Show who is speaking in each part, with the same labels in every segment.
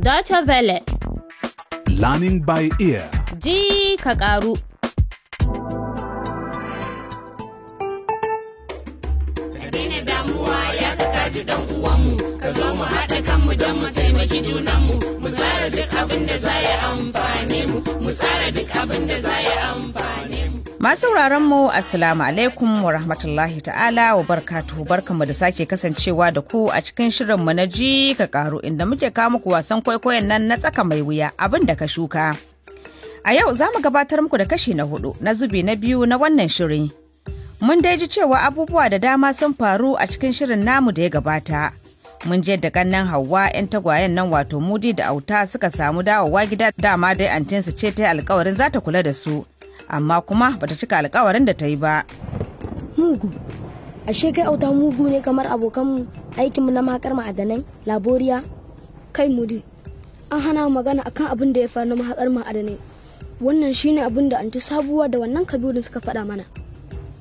Speaker 1: Dacha Vele.
Speaker 2: Learning by ear.
Speaker 1: Ji ka mu haɗa kanmu don mu taimaki junanmu mu tsara duk abin da za mu mu tsara duk abin da za
Speaker 3: Masu mu Assalamu alaikum wa rahmatullahi ta'ala wa barkatu barkanmu da sake kasancewa da ku a cikin shirinmu na ji ka karu inda muke kawo muku wasan kwaikwayon nan na tsaka mai wuya abin da ka shuka. A yau za mu gabatar muku da kashi na hudu na zubi na biyu na wannan shirin. Mun dai ji cewa abubuwa da dama sun faru a cikin shirin namu da ya gabata. Mun je da gannan Hauwa 'yan tagwayen nan wato Mudi da Auta suka samu dawowa gida dama dai antinsu ce ta alkawarin za ta kula da su. amma kuma bata cika alkawarin da ta yi ba
Speaker 4: mugu ashe kai auta mugu ne kamar abokanmu aikinmu na makar ma'adanai laboriya kai mudi an hana magana akan abin da ya faru na mahaƙar ma'adanai wannan shine abin da anti sabuwa da wannan kabilun suka faɗa mana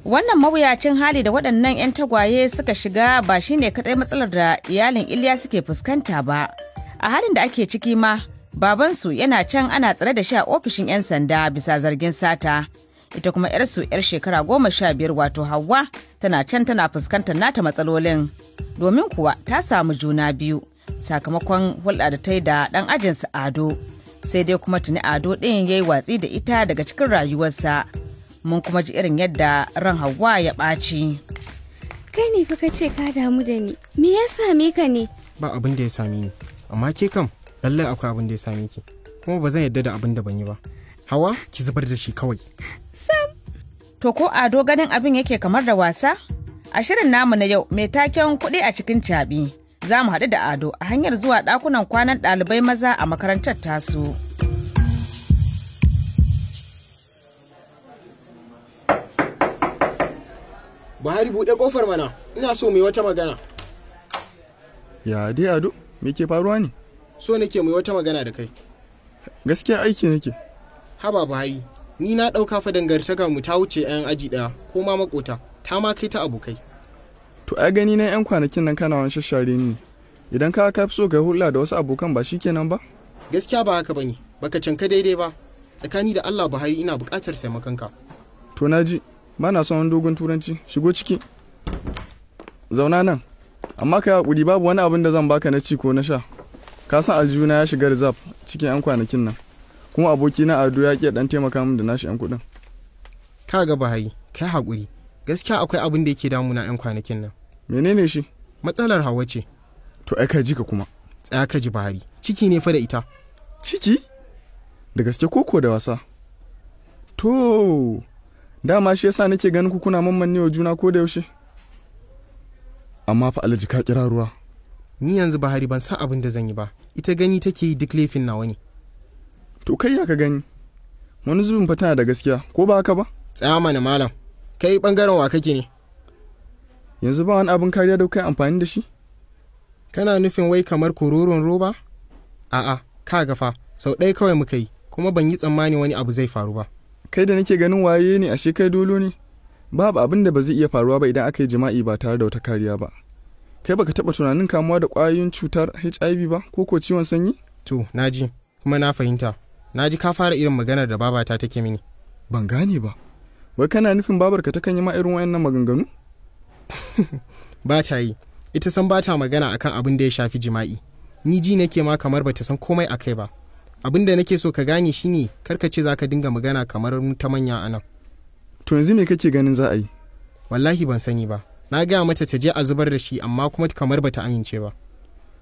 Speaker 3: wannan mawuyacin hali da waɗannan 'yan tagwaye suka shiga ba shine kaɗai matsalar da iyalin iliya suke fuskanta ba a halin da ake ciki ma babansu yana can ana tsare da shi a ofishin 'yan sanda bisa zargin sata ita kuma 'yarsu 'yar shekara goma sha biyar wato hawa tana can tana fuskantar nata matsalolin domin kuwa ta samu juna biyu sakamakon hulɗa da ta yi da ɗan ajinsu ado sai dai kuma tuni ado ɗin ya yi watsi da ita daga cikin rayuwarsa mun kuma ji irin yadda ran hawa ya ɓaci
Speaker 1: kai ne fa ka ce ka damu da ni me ya same ka ne
Speaker 3: ba abin da ya same
Speaker 2: ni amma ke kam lallai akwai abin da ya same ki kuma ba zan yadda da abin da ban yi ba hawa ki zubar da shi kawai sam
Speaker 3: to ko ado ganin abin yake kamar da wasa a shirin namu na yau mai taken kuɗi a cikin caɓi za mu haɗu da ado a hanyar zuwa ɗakunan kwanan ɗalibai maza a makarantar tasu.
Speaker 2: Buhari buɗe ƙofar mana, ina so mai wata magana.
Speaker 5: Ya dai Ado, me ke faruwa ne?
Speaker 2: so nake mai wata magana da kai
Speaker 5: gaskiya aiki nake
Speaker 2: haba buhari ni na ɗauka fa dangartaka mu ta wuce 'yan aji ɗaya ko ma makota ta ma kai ta abokai
Speaker 5: to ai gani na 'yan kwanakin nan kana wani shashare ni idan ka ka fi so kai hula da wasu abokan ba shikenan ba
Speaker 2: gaskiya ba haka bane baka canka daidai ba tsakani da Allah Buhari ina buƙatar taimakonka
Speaker 5: to naji ba na son dogon turanci shigo ciki zauna nan amma ka haƙuri babu wani abin da zan baka na ci ko na sha ka san aljuna ya shiga rizab cikin 'yan kwanakin nan kuma aboki na ado ya ke dan taimaka min da nashi 'yan kuɗin ka ga bahari kai Hakuri, gaskiya akwai abin
Speaker 2: da yake damuna 'yan kwanakin nan menene shi matsalar hawa ce to ai ka ji ka kuma
Speaker 5: tsaya ka ji bahari ciki ne fa da ita ciki da gaske koko da wasa to dama shi yasa nake ganin ku kuna mamman wa juna ko da yaushe amma fa alaji ka kira ruwa ni yanzu bahari ban san
Speaker 2: abin da zan yi ba ita gani take yi duk laifin nawa ne to kai ya ka gani wani zubin fa tana da gaskiya ko ba haka ba tsaya mana malam kai bangaren wa kake ne yanzu ba wani abin kariya da kai amfani da shi kana nufin wai kamar kororon roba a'a ka gafa sau ɗaya kawai muka yi kuma ban yi tsammani wani abu
Speaker 5: zai faru ba kai da nake ganin waye ne ashe kai dolo ne babu abin da ba zai iya faruwa ba idan aka yi jima'i ba tare da wata kariya ba kai baka taba tunanin kamuwa da kwayoyin cutar hiv ba ko ko ciwon sanyi to
Speaker 2: naji kuma na fahimta naji ka fara irin maganar da babata take mini
Speaker 5: ban gane ba wai kana nufin babarka takan yi ma irin wayannan maganganu
Speaker 2: ba ta yi ita san bata ta magana akan abin da ya shafi jima'i ni ji nake ma kamar bata san komai a kai ba abin da nake so ka gane shine karka ce zaka dinga magana kamar ta manya anan to yanzu me kake ganin za a yi wallahi ban sani ba na gaya mata ta je a zubar da shi amma kuma kamar bata amince ba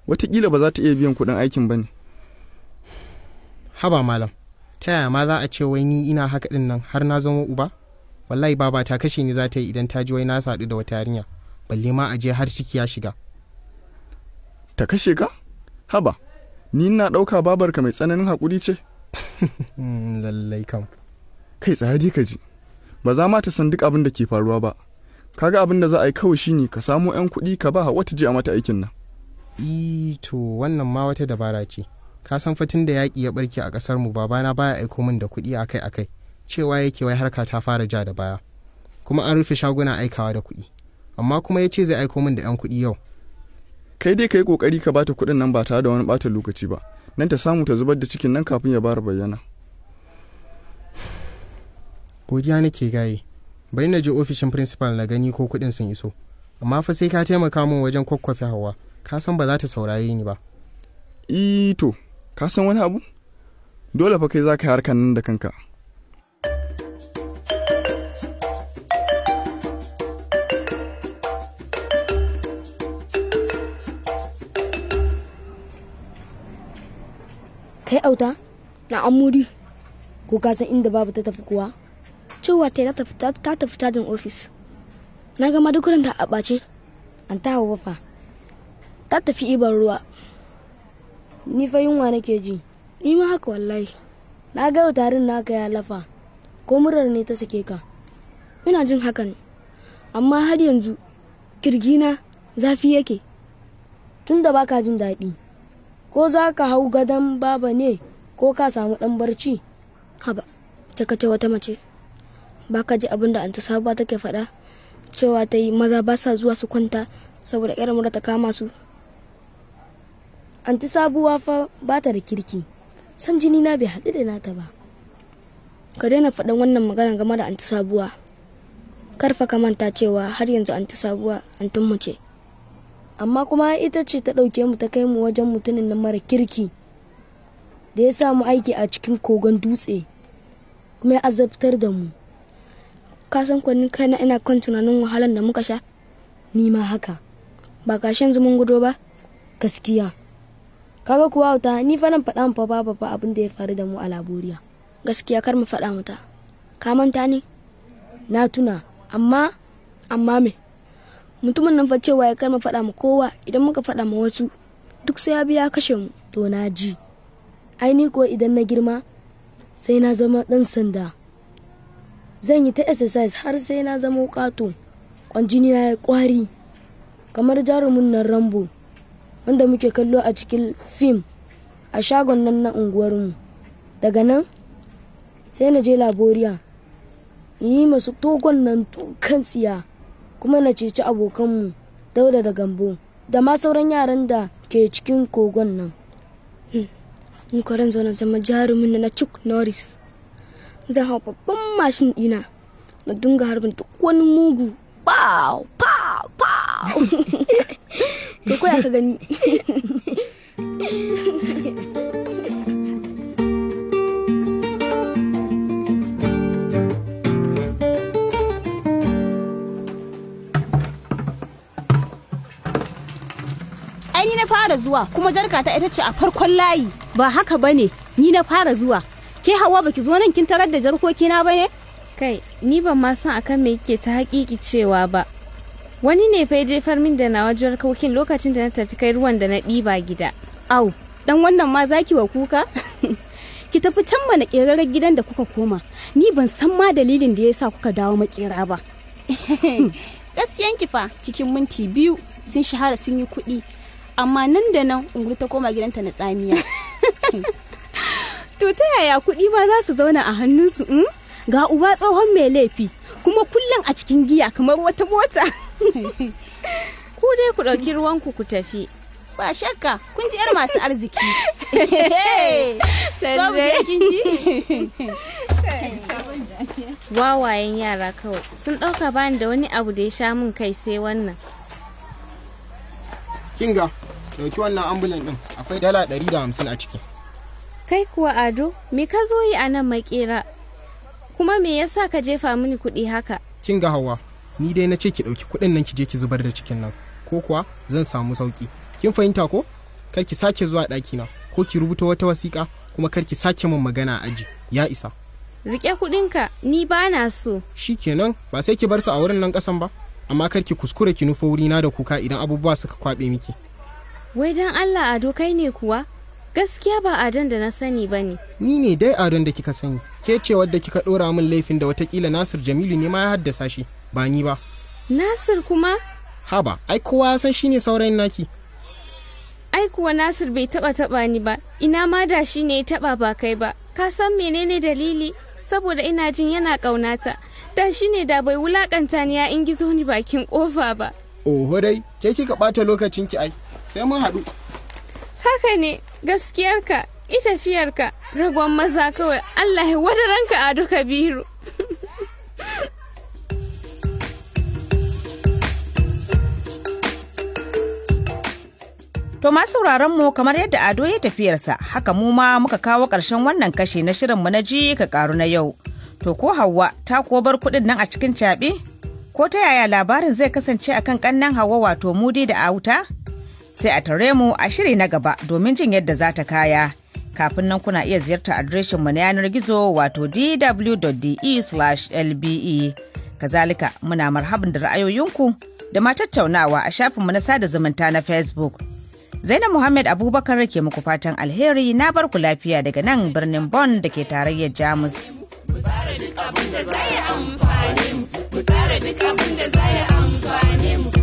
Speaker 5: watakila ba za ta iya biyan kuɗin aikin ba ne
Speaker 2: haba malam ta yaya ma za a ce wai ni ina haka ɗin nan har na zama uba wallahi baba ta kashe ni za ta yi idan ta ji wai na sadu da wata yarinya balle ma a je har ciki ya shiga
Speaker 5: ta kashe ka haba ni na ɗauka babarka mai tsananin hakuri ce hmm, lallai kam kai tsaya ka ji ba za ma ta san duk abin da ke faruwa ba kaga abin da za a yi kawai shine ka samo 'yan kuɗi ka ba wata ji a mata aikin nan to
Speaker 2: wannan ma wata dabara ce ka san fatin da yaƙi ya barke a ƙasar mu babana baya aiko min da kuɗi akai akai cewa yake wai harka ta fara ja da baya kuma an rufe shaguna aikawa da kuɗi
Speaker 5: amma kuma ya ce zai aiko min da 'yan kuɗi yau kai dai ka yi ƙoƙari ka bata kuɗin nan ba tare da wani ɓata lokaci ba nan ta samu ta zubar da cikin nan kafin ya bara bayyana
Speaker 2: godiya nake gaye bari na je ofishin principal na gani ko kuɗin sun iso amma fa sai ka taimaka min wajen kwakwafi hawa ka san ba za ta saurare ni ba
Speaker 5: to ka san wani abu dole fa kai za ka yi harkan nan da kanka
Speaker 4: kai auta na amuri ko ka san inda babu ta tafi kuwa cewa ta ta fita ta tafi cajin ofis na gama dukunan ta a ɓace an ta hawa fa ta tafi ibar ruwa ni fa yunwa nake ji ni ma haka wallahi na ga tarin naka ya lafa ko murar ne ta sake ka ina jin hakan amma har yanzu kirgina zafi yake tun da baka jin daɗi ko za ka hau gadon baba ne ko ka samu ɗan barci haba ta wata mace ba ka ji abin da anta sabuwa take faɗa cewa ta yi maza ba sa zuwa su kwanta saboda ƙyar mura ta kama su anti sabuwa fa ba ta da kirki san jini na bai haɗu da nata ba ka daina faɗan wannan magana game da anti sabuwa karfa ka manta cewa har yanzu anti sabuwa mu ce amma kuma ita ce ta ɗauke mu ta kai mu wajen mutumin na mara kirki da ya samu aiki a cikin kogon dutse kuma ya azabtar da mu ka san kwanin kaina ina kan tunanin wahalan da muka sha ni ma haka ba ka yanzu gudo ba gaskiya kaga kuwa wuta ni fa nan faɗa fa ba babba abin da ya faru da mu a laboriya gaskiya kar mu faɗa mata ka manta ni? na tuna amma amma me mutumin nan fa cewa ya kar mu faɗa mu kowa idan muka faɗa ma wasu duk sai ya biya kashe mu to na ji ai ni ko idan na girma sai na zama ɗan sanda zan yi ta exercise har sai na zama ƙato jini na ya ƙwari kamar jarumin nan rambo wanda muke kallo a cikin fim a shagon nan na unguwarmu daga nan sai na je laboriya yi masu togon nan tukan tsiya kuma na ceci abokanmu dauda da gambo da ma sauran yaran da ke cikin kogon nan. Hmm, ni zo na zama jarumin na Chuck Norris. zai hau babban mashin ɗina na dinga harbin duk wani mugu pow pow pow to koya ka gani
Speaker 3: ni na fara zuwa kuma jarka ta ita ce a farkon layi ba haka bane ni na fara zuwa ke hawa baki zo nan kin tarar
Speaker 1: da jarkoki na bane kai ni ban ma san akan me yake ta hakiki cewa ba wani ne fa jefar min da nawa jarkokin lokacin da na tafi kai ruwan da na ɗiba gida
Speaker 3: au dan wannan ma zaki wa kuka ki tafi can mana ƙerarren gidan da kuka koma ni ban san ma dalilin da yasa kuka dawo makera ba gaskiyan kifa cikin minti biyu sun shahara sun yi kuɗi amma nan da nan unguri ta koma gidanta na tsamiya To ta yaya kuɗi ba za su zauna a hannunsu in? Hmm? Ga uba tsohon mai laifi kuma kullum a cikin giya kamar wata mota.
Speaker 1: Ku dai ku ɗauki ruwanku ku tafi.
Speaker 3: Ba shakka kun ji 'yar masu arziki.
Speaker 1: Wawayen yara kawai sun ɗauka bani da wani abu da ya sha min kai sai wannan.
Speaker 2: Kinga, ɗauki wannan ambulan ɗin akwai dala ɗari da hamsin a ciki.
Speaker 1: kai kuwa ado me ka zo yi a nan makera kuma me yasa ka jefa mini kuɗi haka
Speaker 2: kin ga hawa ni dai na ce ki ɗauki kuɗin nan ki je ki zubar da cikin nan ko kuwa zan samu sauki kin fahimta ko kar ki sake zuwa ɗakina ko ki rubuta wata wasiƙa kuma kar ki sake min magana a aji ya isa
Speaker 1: rike kuɗinka ni ba na so
Speaker 2: kenan, ba sai ki bar su a wurin nan ƙasan ba amma kar ki kuskure ki nufo wurina da kuka idan abubuwa suka kwaɓe miki
Speaker 1: wai dan Allah ado kai ne kuwa gaskiya ba adon da na sani ba ne
Speaker 2: ni ne dai adon da kika sani ke ce wadda kika ɗora min laifin da watakila nasir jamilu ne ma ya haddasa shi ba ni ba
Speaker 1: nasir kuma
Speaker 2: haba ai kowa ya san ne saurayin naki
Speaker 1: ai kuwa nasir bai taba taba ni ba ina ma da shi ne ya taba ba kai ba ka san menene dalili saboda ina jin yana ƙaunata da shi ne da bai wulakanta ni ya ingizo ni bakin kofa ba
Speaker 2: oho dai ke kika ɓata lokacinki ai sai mun haɗu
Speaker 1: haka ne gaskiyarka ita tafiyarka ragon maza kawai allah wadaranka
Speaker 3: a duka biru To masu sauraron mu kamar yadda Ado ya tafiyarsa haka mu ma muka kawo ƙarshen wannan kashe na shirin mu na ji ka karu na yau. To ko Hauwa ta ko bar kuɗin nan a cikin caɓe? Ko ta yaya labarin zai kasance akan ƙannan Hauwa wato Mudi da Auta? sai a tare mu a shiri na gaba domin jin yadda za ta kaya. Kafin nan kuna iya ziyartar adireshin mu na yanar gizo wato dw.de/lbe. E. Kazalika muna marhabin da ra'ayoyinku da ma tattaunawa a shafin mu na sada zumunta na Facebook. Zainab Muhammad Abubakar ke muku fatan alheri na barku lafiya daga nan birnin Bonn da ke tarayyar Jamus. mu duk abin da zai amfani mu.